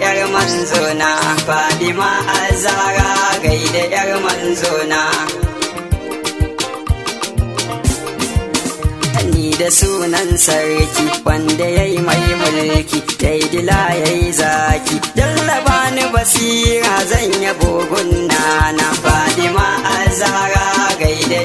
yar manzona fadima azara gaida yar manzona ni da sunan sarki wanda ya yi mai mulki ya yi dila ya yi zaki jallaba ni basira zan yi bugun nana fadima azara gaida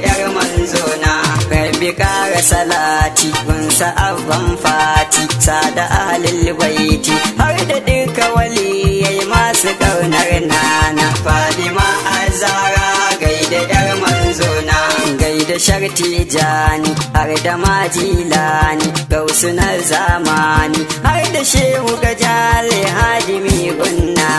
annabi kara salati gunsa abban fati sada ahalil baiti har da wali waliyai masu kaunar nana fadima azara gaida yar manzona gaida sharti jani har da majilani gausu na zamani har da shehu gajale hadimi gunna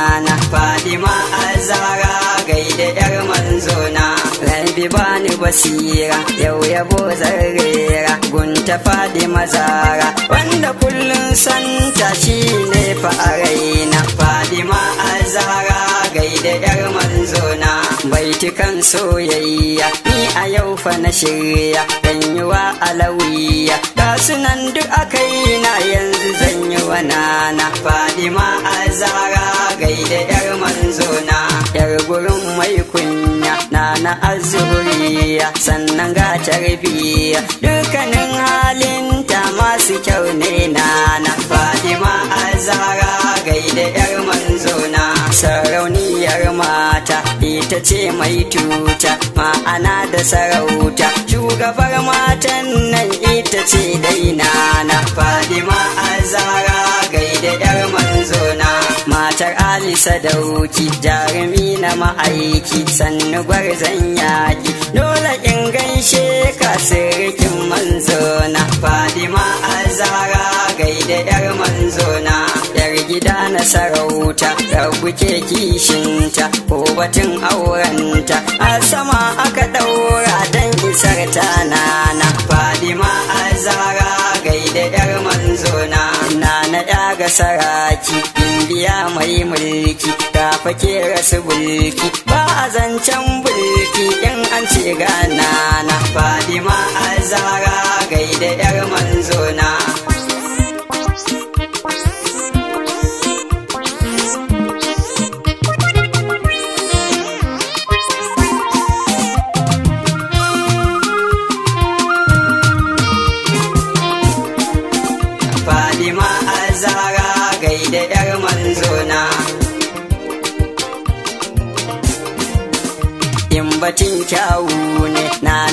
basira yau yabo zarrera gunta fadi mazara wanda kullum santa shi ne fa a raina azara gaida yar manzona baiti kan soyayya ni a yau fa na shirya dan yi wa alawiya ga sunan duk aka yi na yanzu zan yi wa nana zara azara gaida yar manzona yar gurin mai kunya nana azuri sannan ga tarbi dukkanin halinta masu kyau ne nana fatima azara gaida yar manzona sarauniyar mata ita ce mai tuta ma'ana da sarauta shugabar matan nan ita ce dai nana fatima azara sarki sadauki jarumi na ma'aiki sannu gwarzon yaki dole in gaishe ka sirikin manzo na fadima azara gaida yar manzo na yar gida na sarauta rabu ke kishinta ko batun aurenta a sama aka ɗaura dan isar ta nana fadima azara gaida yar manzo na na na ga saraki biya mai mulki ta fake rasu bulki ba a zancen bulki in an ce gana na fadima azara gaida yar manzona batun kyawu ne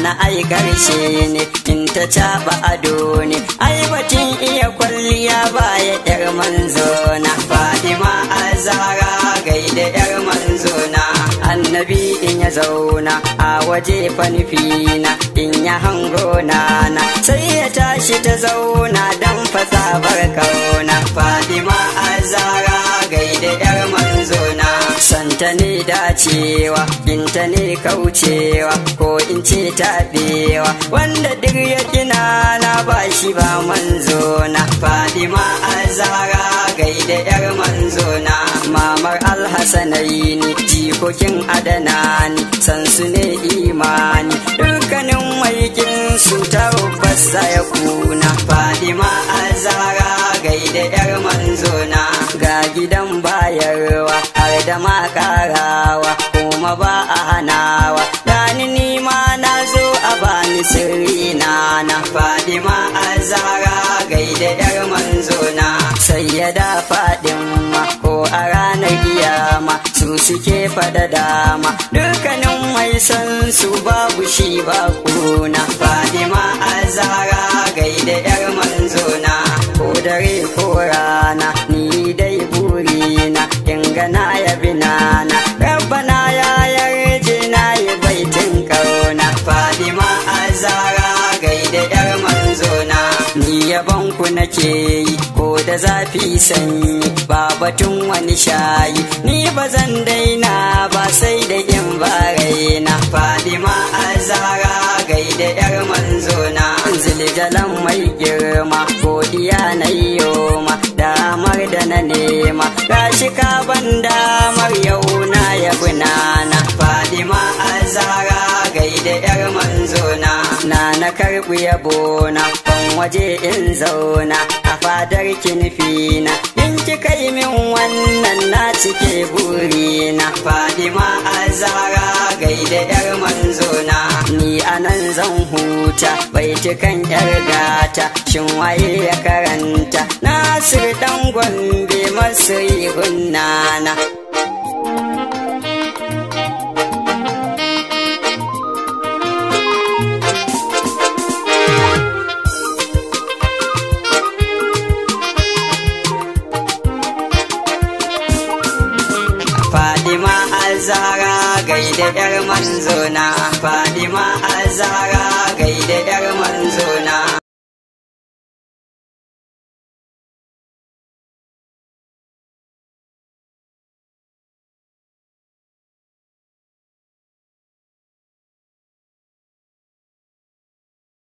na ai karshe ne in ta caba ado ne ai batun iya kwalliya ya yar manzo na fatima azara gaida yar manzo na annabi in ya zauna a waje fanfina in ya hango na sai ya tashi ta zauna dan fasabar kauna fatima azara ta ne dacewa in ne kaucewa ko in ce taɓewa wanda duk ya kina na ba shi ba manzo na ma azara gaida yar manzo na mamar alhassanai ne jikokin adana ni, san su ne imani dukkanin maikin su ta rubar ya kuna fadima azara da makarawa kuma ba a hanawa gani ni ma na zo a bani sirri na na fadima azara gaida dar manzona sai ya da fadin ma ko a ranar giyama su suke fada dama dukkanin mai san su babu shi ba kuna fadima azara gaida dar yaban ku nake yi ko da zafi sanyi ba batun wani shayi ni ba zan daina ba sai da yin ba raina fadima azara gai da yar manzo na mai girma godiya na yoma damar da na nema gashi ka ban damar yau na yabi nana fadima azara gai da yar manzo na na karɓi yabo yabona waje in zauna a fadar kinfina in kika yi min wannan na cike burina a zara gaida yar manzona ni anan zan huta Bai kan yar gata shin waye ya karanta nasir dan gombe yi hunnana Fadima Azara gaida yar manzona Fadima Azara gaida yar manzona